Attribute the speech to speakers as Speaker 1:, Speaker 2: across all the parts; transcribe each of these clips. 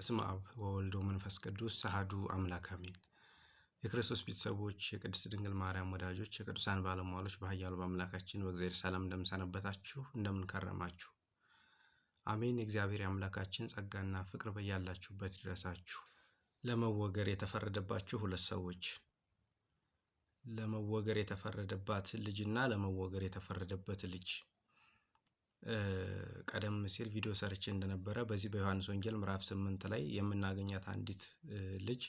Speaker 1: በስም አብ ወወልዶ መንፈስ ቅዱስ አሐዱ አምላክ አሜን። የክርስቶስ ቤተሰቦች፣ የቅድስት ድንግል ማርያም ወዳጆች፣ የቅዱሳን ባለሟሎች ባህያሉ በአምላካችን በእግዚአብሔር ሰላም እንደምንሰነበታችሁ እንደምንከረማችሁ አሜን። የእግዚአብሔር አምላካችን ጸጋና ፍቅር በያላችሁበት ይድረሳችሁ። ለመወገር የተፈረደባችሁ ሁለት ሰዎች ለመወገር የተፈረደባት ልጅና ለመወገር የተፈረደበት ልጅ ቀደም ሲል ቪዲዮ ሰርች እንደነበረ በዚህ በዮሐንስ ወንጌል ምዕራፍ ስምንት ላይ የምናገኛት አንዲት ልጅ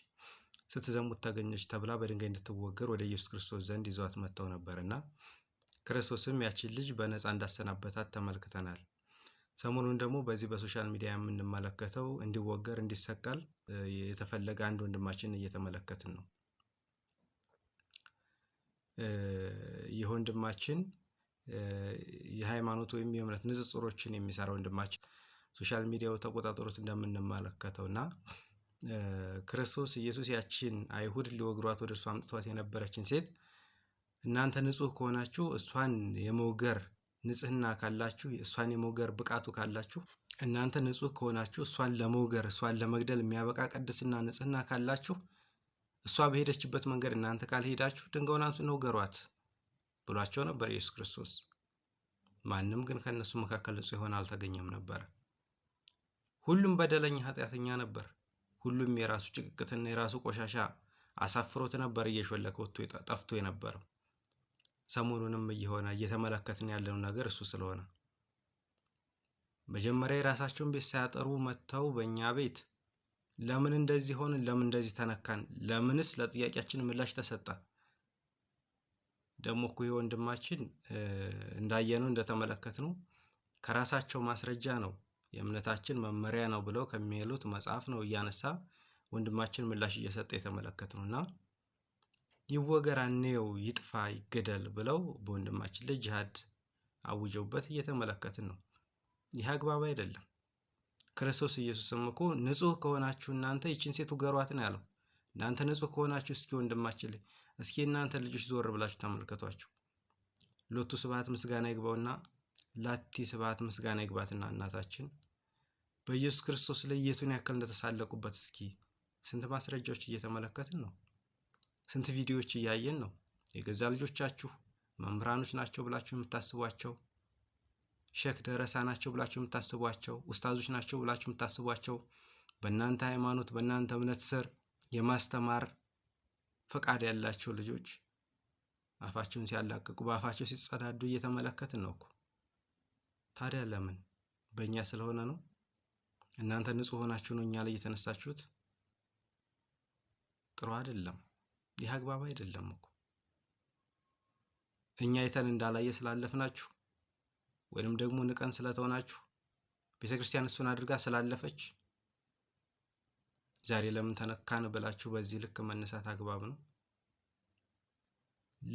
Speaker 1: ስትዘሙት ታገኘች ተብላ በድንጋይ እንድትወገር ወደ ኢየሱስ ክርስቶስ ዘንድ ይዟት መጥተው ነበር እና ክርስቶስም ያችን ልጅ በነፃ እንዳሰናበታት ተመልክተናል። ሰሞኑን ደግሞ በዚህ በሶሻል ሚዲያ የምንመለከተው እንዲወገር እንዲሰቀል የተፈለገ አንድ ወንድማችን እየተመለከትን ነው። ይህ ወንድማችን የሃይማኖት ወይም የእምነት ንጽጽሮችን የሚሰራ ወንድማችን ሶሻል ሚዲያው ተቆጣጠሩት እንደምንመለከተው እና ክርስቶስ ኢየሱስ ያችን አይሁድ ሊወግሯት ወደ እሷ አምጥቷት የነበረችን ሴት እናንተ ንጹህ ከሆናችሁ እሷን የመውገር ንጽህና ካላችሁ እሷን የመውገር ብቃቱ ካላችሁ እናንተ ንጹህ ከሆናችሁ እሷን ለመውገር እሷን ለመግደል የሚያበቃ ቅድስና ንጽህና ካላችሁ እሷ በሄደችበት መንገድ እናንተ ካልሄዳችሁ ድንጋዩን ነው ገሯት ብሏቸው ነበር ኢየሱስ ክርስቶስ። ማንም ግን ከእነሱ መካከል ንጹሕ የሆነ አልተገኘም ነበረ። ሁሉም በደለኛ ኃጢአተኛ ነበር። ሁሉም የራሱ ጭቅቅትና የራሱ ቆሻሻ አሳፍሮት ነበር እየሾለከ ወጥቶ ጠፍቶ የነበረው። ሰሞኑንም እየሆነ እየተመለከትን ያለው ነገር እሱ ስለሆነ መጀመሪያ የራሳቸውን ቤት ሳያጠሩ መጥተው በእኛ ቤት ለምን እንደዚህ ሆን፣ ለምን እንደዚህ ተነካን፣ ለምንስ ለጥያቄያችን ምላሽ ተሰጠ ደግሞ እኮ ይሄ ወንድማችን እንዳየነው እንደተመለከትነው ከራሳቸው ማስረጃ ነው የእምነታችን መመሪያ ነው ብለው ከሚሉት መጽሐፍ ነው እያነሳ ወንድማችን ምላሽ እየሰጠ የተመለከትነው እና ይወገር ይጥፋ ይገደል ብለው በወንድማችን ላይ ጅሃድ አውጀውበት እየተመለከትን ነው። ይህ አግባብ አይደለም። ክርስቶስ ኢየሱስም እኮ ንጹህ ከሆናችሁ እናንተ ይችን ሴት ውገሯት ነው ያለው። እናንተ ንጹህ ከሆናችሁ እስኪ ወንድማችን ላይ እስኪ እናንተ ልጆች ዞር ብላችሁ ተመልከቷቸው። ሎቱ ስብሐት ምስጋና ይግባውና ላቲ ስብሐት ምስጋና ይግባትና እናታችን በኢየሱስ ክርስቶስ ላይ የቱን ያክል እንደተሳለቁበት እስኪ ስንት ማስረጃዎች እየተመለከትን ነው? ስንት ቪዲዮዎች እያየን ነው? የገዛ ልጆቻችሁ መምህራኖች ናቸው ብላችሁ የምታስቧቸው፣ ሼክ ደረሳ ናቸው ብላችሁ የምታስቧቸው፣ ኡስታዞች ናቸው ብላችሁ የምታስቧቸው በእናንተ ሃይማኖት በእናንተ እምነት ስር የማስተማር ፈቃድ ያላቸው ልጆች አፋቸውን ሲያላቅቁ በአፋቸው ሲጸዳዱ እየተመለከትን ነው እኮ። ታዲያ ለምን በእኛ ስለሆነ ነው? እናንተ ንጹህ ሆናችሁ ነው እኛ ላይ እየተነሳችሁት? ጥሩ አይደለም። ይህ አግባብ አይደለም እኮ እኛ አይተን እንዳላየ ስላለፍናችሁ ወይንም ደግሞ ንቀን ስለተሆናችሁ ቤተ ክርስቲያን እሱን አድርጋ ስላለፈች ዛሬ ለምን ተነካን ብላችሁ በዚህ ልክ መነሳት አግባብ ነው?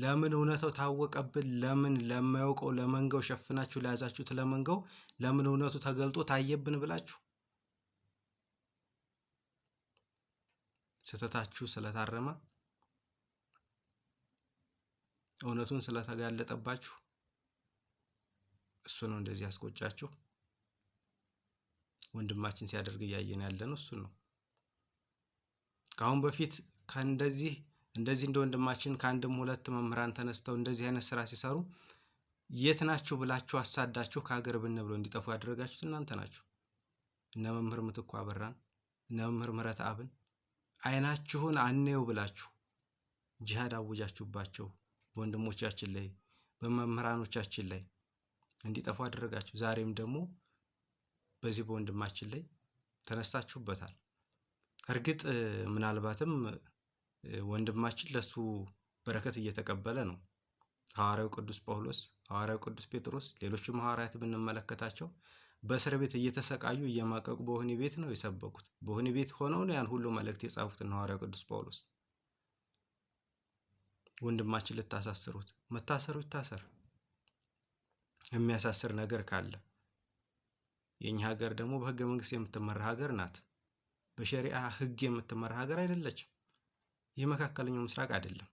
Speaker 1: ለምን እውነታው ታወቀብን፣ ለምን ለማያውቀው ለመንጋው ሸፍናችሁ ለያዛችሁት ለመንጋው ለምን እውነቱ ተገልጦ ታየብን ብላችሁ ስህተታችሁ ስለታረመ እውነቱን ስለተጋለጠባችሁ እሱ ነው እንደዚህ ያስቆጫችሁ። ወንድማችን ሲያደርግ እያየን ያለ ነው። እሱን ነው ከአሁን በፊት ከእንደዚህ እንደዚህ እንደ ወንድማችን ከአንድም ሁለት መምህራን ተነስተው እንደዚህ አይነት ስራ ሲሰሩ የት ናችሁ ብላችሁ አሳዳችሁ ከሀገር ብን ብሎ እንዲጠፉ ያደረጋችሁት እናንተ ናችሁ። እነ መምህር ምትኩ አበራን፣ እነ መምህር ምረት አብን አይናችሁን አኔው ብላችሁ ጅሃድ አውጃችሁባቸው በወንድሞቻችን ላይ በመምህራኖቻችን ላይ እንዲጠፉ አደረጋችሁ። ዛሬም ደግሞ በዚህ በወንድማችን ላይ ተነስታችሁበታል። እርግጥ ምናልባትም ወንድማችን ለሱ በረከት እየተቀበለ ነው። ሐዋርያው ቅዱስ ጳውሎስ፣ ሐዋርያው ቅዱስ ጴጥሮስ፣ ሌሎችም ሐዋርያት ብንመለከታቸው በእስር ቤት እየተሰቃዩ እየማቀቁ በወህኒ ቤት ነው የሰበኩት። በወህኒ ቤት ሆነው ነው ያን ሁሉ መልእክት የጻፉትን ሐዋርያው ቅዱስ ጳውሎስ። ወንድማችን ልታሳስሩት፣ መታሰሩ ይታሰር የሚያሳስር ነገር ካለ የእኛ ሀገር ደግሞ በህገ መንግስት የምትመራ ሀገር ናት። በሸሪአ ህግ የምትመራ ሀገር አይደለችም። ይህ መካከለኛው ምስራቅ አይደለም።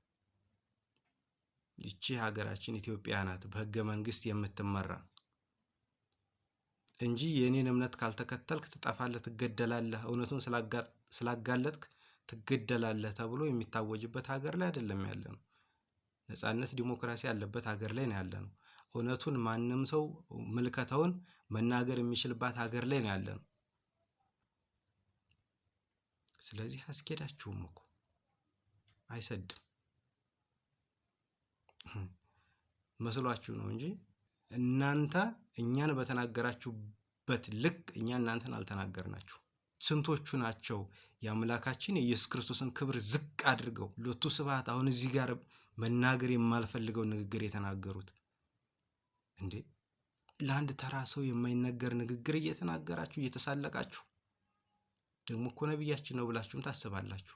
Speaker 1: ይቺ ሀገራችን ኢትዮጵያ ናት በህገ መንግስት የምትመራ እንጂ የእኔን እምነት ካልተከተልክ ትጠፋለህ፣ ትገደላለህ፣ እውነቱን ስላጋለጥክ ትገደላለህ ተብሎ የሚታወጅበት ሀገር ላይ አይደለም ያለ ነው። ነጻነት ዲሞክራሲ ያለበት ሀገር ላይ ነው ያለ ነው። እውነቱን ማንም ሰው ምልከታውን መናገር የሚችልባት ሀገር ላይ ነው ያለ ነው። ስለዚህ አስኬዳችሁም እኮ አይሰድም መስሏችሁ ነው እንጂ እናንተ እኛን በተናገራችሁበት ልክ እኛ እናንተን አልተናገርናችሁ። ስንቶቹ ናቸው የአምላካችን የኢየሱስ ክርስቶስን ክብር ዝቅ አድርገው ሎቱ ስብሐት አሁን እዚህ ጋር መናገር የማልፈልገው ንግግር የተናገሩት? እንዴ ለአንድ ተራ ሰው የማይነገር ንግግር እየተናገራችሁ እየተሳለቃችሁ ደግሞ እኮ ነቢያችን ነው ብላችሁም ታስባላችሁ።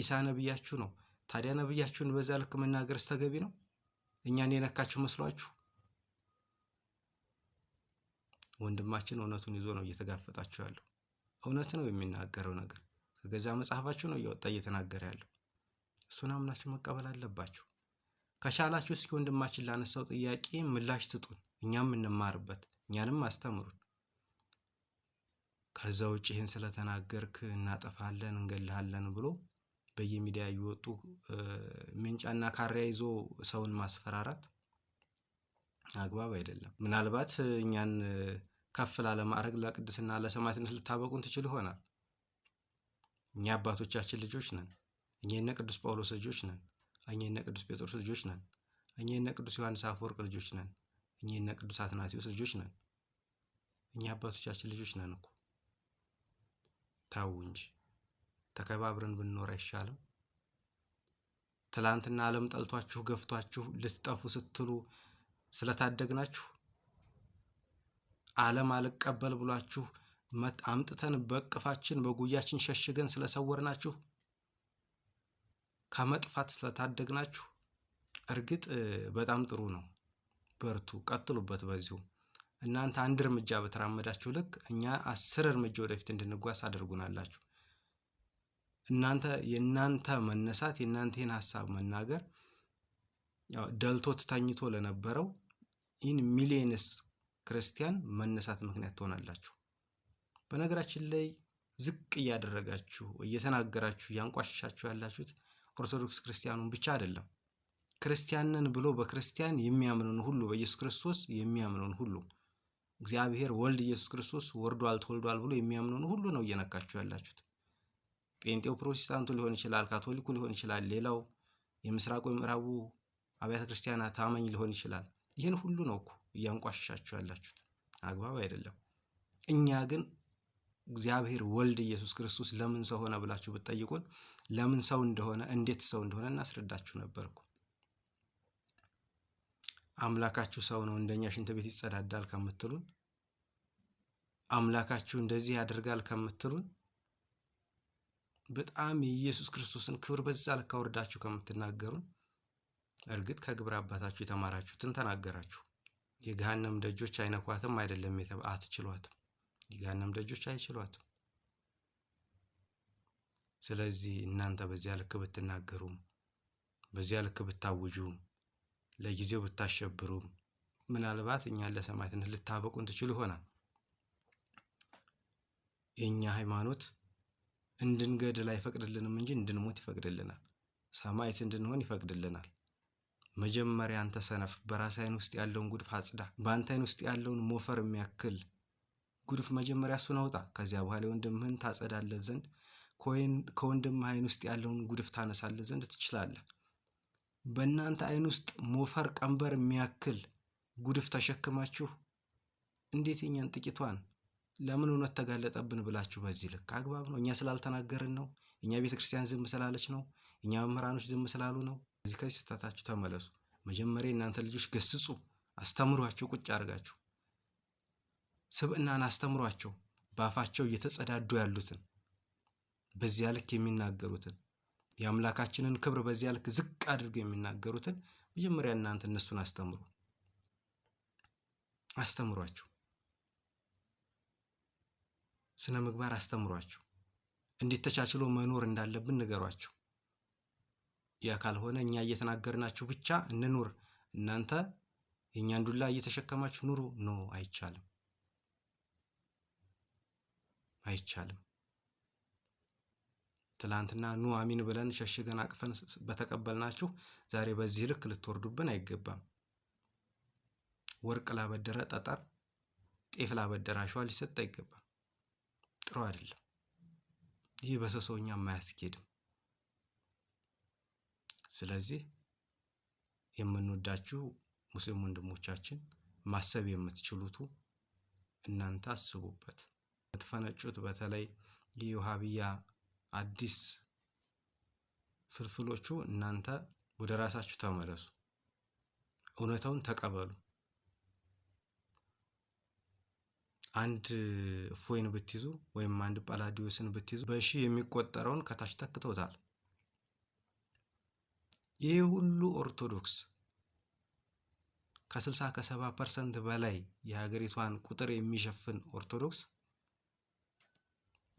Speaker 1: ኢሳ ነቢያችሁ ነው። ታዲያ ነቢያችሁን በዛ ልክ መናገርስ ተገቢ ነው? እኛን የነካችሁ መስሏችሁ? ወንድማችን እውነቱን ይዞ ነው እየተጋፈጣችሁ ያለው። እውነት ነው የሚናገረው ነገር ከገዛ መጽሐፋችሁ ነው እያወጣ እየተናገረ ያለው። እሱን አምናችሁ መቀበል አለባችሁ። ከቻላችሁ እስኪ ወንድማችን ላነሳው ጥያቄ ምላሽ ስጡን፣ እኛም እንማርበት፣ እኛንም አስተምሩን። ከዛ ውጭ ይህን ስለተናገርክ እናጠፋለን እንገልሃለን ብሎ በየሚዲያ እየወጡ ምንጫና ካሪያ ይዞ ሰውን ማስፈራራት አግባብ አይደለም። ምናልባት እኛን ከፍ ላለማዕረግ ለቅድስና ለሰማዕትነት ልታበቁን ትችል ይሆናል። እኛ አባቶቻችን ልጆች ነን። እኛ የነ ቅዱስ ጳውሎስ ልጆች ነን። እኛ የነ ቅዱስ ጴጥሮስ ልጆች ነን። እኛ የነ ቅዱስ ዮሐንስ አፈወርቅ ልጆች ነን። እኛ የነ ቅዱስ አትናቴዎስ ልጆች ነን። እኛ አባቶቻችን ልጆች ነን እኮ ታው እንጂ ተከባብረን ብንኖር አይሻልም? ትላንትና ዓለም ጠልቷችሁ ገፍቷችሁ ልትጠፉ ስትሉ ስለታደግናችሁ ዓለም አልቀበል ብሏችሁ አምጥተን በቅፋችን በጉያችን ሸሽገን ስለሰወርናችሁ ከመጥፋት ስለታደግናችሁ እርግጥ በጣም ጥሩ ነው። በርቱ፣ ቀጥሉበት በዚሁ እናንተ አንድ እርምጃ በተራመዳችሁ ልክ እኛ አስር እርምጃ ወደፊት እንድንጓዝ አድርጉናላችሁ። እናንተ የእናንተ መነሳት የእናንተን ሀሳብ መናገር ደልቶ ደልቶት ተኝቶ ለነበረው ኢን ሚሊየንስ ክርስቲያን መነሳት ምክንያት ትሆናላችሁ። በነገራችን ላይ ዝቅ እያደረጋችሁ እየተናገራችሁ እያንቋሸሻችሁ ያላችሁት ኦርቶዶክስ ክርስቲያኑን ብቻ አይደለም። ክርስቲያንን ብሎ በክርስቲያን የሚያምነውን ሁሉ በኢየሱስ ክርስቶስ የሚያምነውን ሁሉ እግዚአብሔር ወልድ ኢየሱስ ክርስቶስ ወርዷል ተወልዷል ብሎ የሚያምኑን ሁሉ ነው እየነካችሁ ያላችሁት። ጴንጤው ፕሮቴስታንቱ ሊሆን ይችላል፣ ካቶሊኩ ሊሆን ይችላል፣ ሌላው የምስራቁ የምዕራቡ አብያተ ክርስቲያናት አማኝ ሊሆን ይችላል። ይህን ሁሉ ነው እኮ እያንቋሻችሁ ያላችሁት። አግባብ አይደለም። እኛ ግን እግዚአብሔር ወልድ ኢየሱስ ክርስቶስ ለምን ሰው ሆነ ብላችሁ ብትጠይቁን ለምን ሰው እንደሆነ እንዴት ሰው እንደሆነ እናስረዳችሁ ነበርኩ። አምላካችሁ ሰው ነው እንደኛ ሽንት ቤት ይጸዳዳል ከምትሉን፣ አምላካችሁ እንደዚህ ያደርጋል ከምትሉን፣ በጣም የኢየሱስ ክርስቶስን ክብር በዛ ልክ አውርዳችሁ ከምትናገሩን፣ እርግጥ ከግብር አባታችሁ የተማራችሁትን ተናገራችሁ። የገሃነም ደጆች አይነኳትም አይደለም አትችሏትም። የገሃነም ደጆች አይችሏትም። ስለዚህ እናንተ በዚያ ልክ ብትናገሩም፣ በዚያ ልክ ብታውጁም ለጊዜው ብታሸብሩም ምናልባት እኛን ለሰማዕትነት ልታበቁን ትችሉ ይሆናል። የእኛ ሃይማኖት እንድንገድል አይፈቅድልንም እንጂ እንድንሞት ይፈቅድልናል። ሰማዕት እንድንሆን ይፈቅድልናል። መጀመሪያ አንተ ሰነፍ በራስህ አይን ውስጥ ያለውን ጉድፍ አጽዳ። በአንተ አይን ውስጥ ያለውን ሞፈር የሚያክል ጉድፍ መጀመሪያ እሱን አውጣ። ከዚያ በኋላ የወንድምህን ታጸዳለት ዘንድ ከወንድምህ አይን ውስጥ ያለውን ጉድፍ ታነሳለት ዘንድ ትችላለህ። በእናንተ አይን ውስጥ ሞፈር ቀንበር የሚያክል ጉድፍ ተሸክማችሁ እንዴት የኛን ጥቂቷን ለምን እውነት ተጋለጠብን ብላችሁ በዚህ ልክ አግባብ ነው? እኛ ስላልተናገርን ነው? እኛ ቤተ ክርስቲያን ዝም ስላለች ነው? እኛ መምህራኖች ዝም ስላሉ ነው? እዚህ ከዚህ ስህተታችሁ ተመለሱ። መጀመሪያ እናንተ ልጆች ገስጹ፣ አስተምሯቸው፣ ቁጭ አድርጋችሁ ስብእናን አስተምሯቸው፣ በአፋቸው እየተጸዳዱ ያሉትን በዚያ ልክ የሚናገሩትን የአምላካችንን ክብር በዚያ ልክ ዝቅ አድርገው የሚናገሩትን መጀመሪያ እናንተ እነሱን አስተምሩ፣ አስተምሯቸው፣ ስነ ምግባር አስተምሯቸው፣ እንዴት ተቻችሎ መኖር እንዳለብን ንገሯቸው። ያ ካልሆነ እኛ እየተናገርናችሁ ብቻ እንኑር፣ እናንተ የእኛን ዱላ እየተሸከማችሁ ኑሩ፣ ኖ አይቻልም፣ አይቻልም። ትላንትና ኑ አሚን ብለን ሸሽገን አቅፈን በተቀበልናችሁ ዛሬ በዚህ ልክ ልትወርዱብን አይገባም። ወርቅ ላበደረ ጠጠር፣ ጤፍ ላበደረ አሸዋ ሊሰጥ አይገባም። ጥሩ አይደለም። ይህ በሰሰውኛም አያስኬድም። ስለዚህ የምንወዳችሁ ሙስሊም ወንድሞቻችን ማሰብ የምትችሉቱ እናንተ አስቡበት። የምትፈነጩት በተለይ የውሃብያ አዲስ ፍልፍሎቹ እናንተ ወደ ራሳችሁ ተመለሱ፣ እውነታውን ተቀበሉ። አንድ እፎይን ብትይዙ ወይም አንድ ጳላዲዮስን ብትይዙ በሺ የሚቆጠረውን ከታች ተክተውታል። ይህ ሁሉ ኦርቶዶክስ ከስልሳ ከሰባ ፐርሰንት በላይ የሀገሪቷን ቁጥር የሚሸፍን ኦርቶዶክስ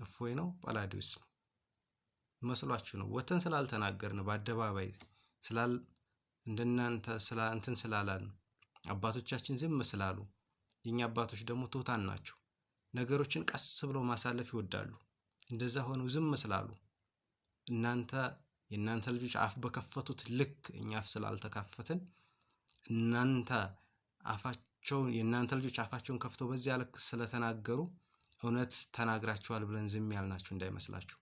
Speaker 1: እፎይ ነው፣ ጳላዲዮስ ነው። መስሏችሁ ነው። ወተን ስላልተናገርን በአደባባይ ስላል እንደናንተ ስላ እንትን ስላላል አባቶቻችን ዝም ስላሉ የኛ አባቶች ደግሞ ትሑታን ናቸው። ነገሮችን ቀስ ብለው ማሳለፍ ይወዳሉ። እንደዛ ሆነው ዝም ስላሉ እናንተ የእናንተ ልጆች አፍ በከፈቱት ልክ እኛ አፍ ስላልተካፈትን እናንተ አፋቸውን የእናንተ ልጆች አፋቸውን ከፍተው በዚያ ልክ ስለተናገሩ እውነት ተናግራቸዋል ብለን ዝም ያልናችሁ እንዳይመስላችሁ።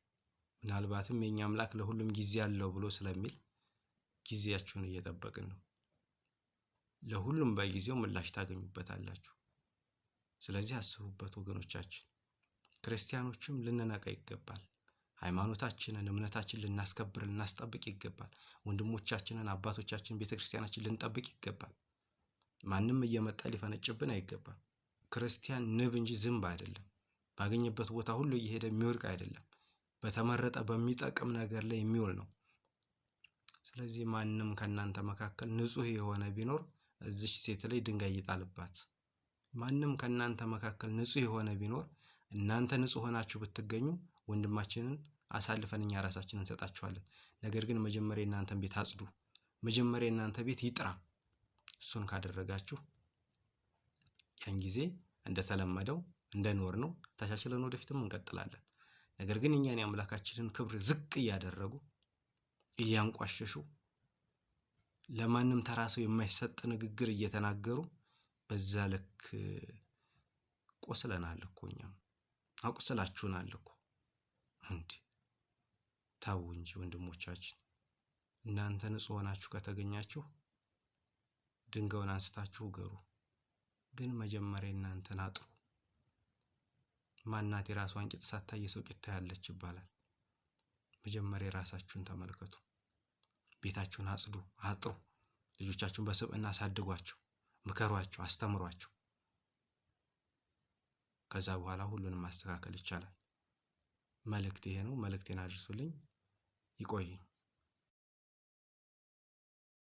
Speaker 1: ምናልባትም የእኛ አምላክ ለሁሉም ጊዜ አለው ብሎ ስለሚል ጊዜያችሁን እየጠበቅን ነው። ለሁሉም በጊዜው ምላሽ ታገኙበታላችሁ። ስለዚህ አስቡበት ወገኖቻችን። ክርስቲያኖችም ልንነቃ ይገባል። ሃይማኖታችንን፣ እምነታችን ልናስከብር ልናስጠብቅ ይገባል። ወንድሞቻችንን፣ አባቶቻችን፣ ቤተ ክርስቲያናችን ልንጠብቅ ይገባል። ማንም እየመጣ ሊፈነጭብን አይገባም። ክርስቲያን ንብ እንጂ ዝንብ አይደለም። ባገኘበት ቦታ ሁሉ እየሄደ የሚወድቅ አይደለም። በተመረጠ በሚጠቅም ነገር ላይ የሚውል ነው። ስለዚህ ማንም ከእናንተ መካከል ንጹህ የሆነ ቢኖር እዚች ሴት ላይ ድንጋይ ይጣልባት። ማንም ከእናንተ መካከል ንጹህ የሆነ ቢኖር እናንተ ንጹህ ሆናችሁ ብትገኙ ወንድማችንን አሳልፈን እኛ ራሳችን እንሰጣችኋለን። ነገር ግን መጀመሪያ የእናንተን ቤት አጽዱ፣ መጀመሪያ የእናንተ ቤት ይጥራ። እሱን ካደረጋችሁ ያን ጊዜ እንደተለመደው እንደኖር ነው ተሻሽለን ወደፊትም እንቀጥላለን። ነገር ግን እኛን የአምላካችንን ክብር ዝቅ እያደረጉ እያንቋሸሹ ለማንም ተራ ሰው የማይሰጥ ንግግር እየተናገሩ በዛ ልክ ቆስለናል እኮ እኛም አቁስላችሁናል እኮ እንዲ ታው እንጂ ወንድሞቻችን እናንተ ንጹህ ሆናችሁ ከተገኛችሁ ድንጋዩን አንስታችሁ ገሩ ግን መጀመሪያ እናንተን አጥሩ። ማናት የራሷን ቂጥ ሳታይ የሰው ቂጥ ታያለች ይባላል። መጀመሪያ የራሳችሁን ተመልከቱ። ቤታችሁን አጽዱ፣ አጥሩ። ልጆቻችሁን በስብዕና አሳድጓቸው፣ ምከሯቸው፣ አስተምሯቸው። ከዛ በኋላ ሁሉንም ማስተካከል ይቻላል። መልእክት ይሄ ነው። መልእክቴን አድርሱልኝ። ይቆይኝ።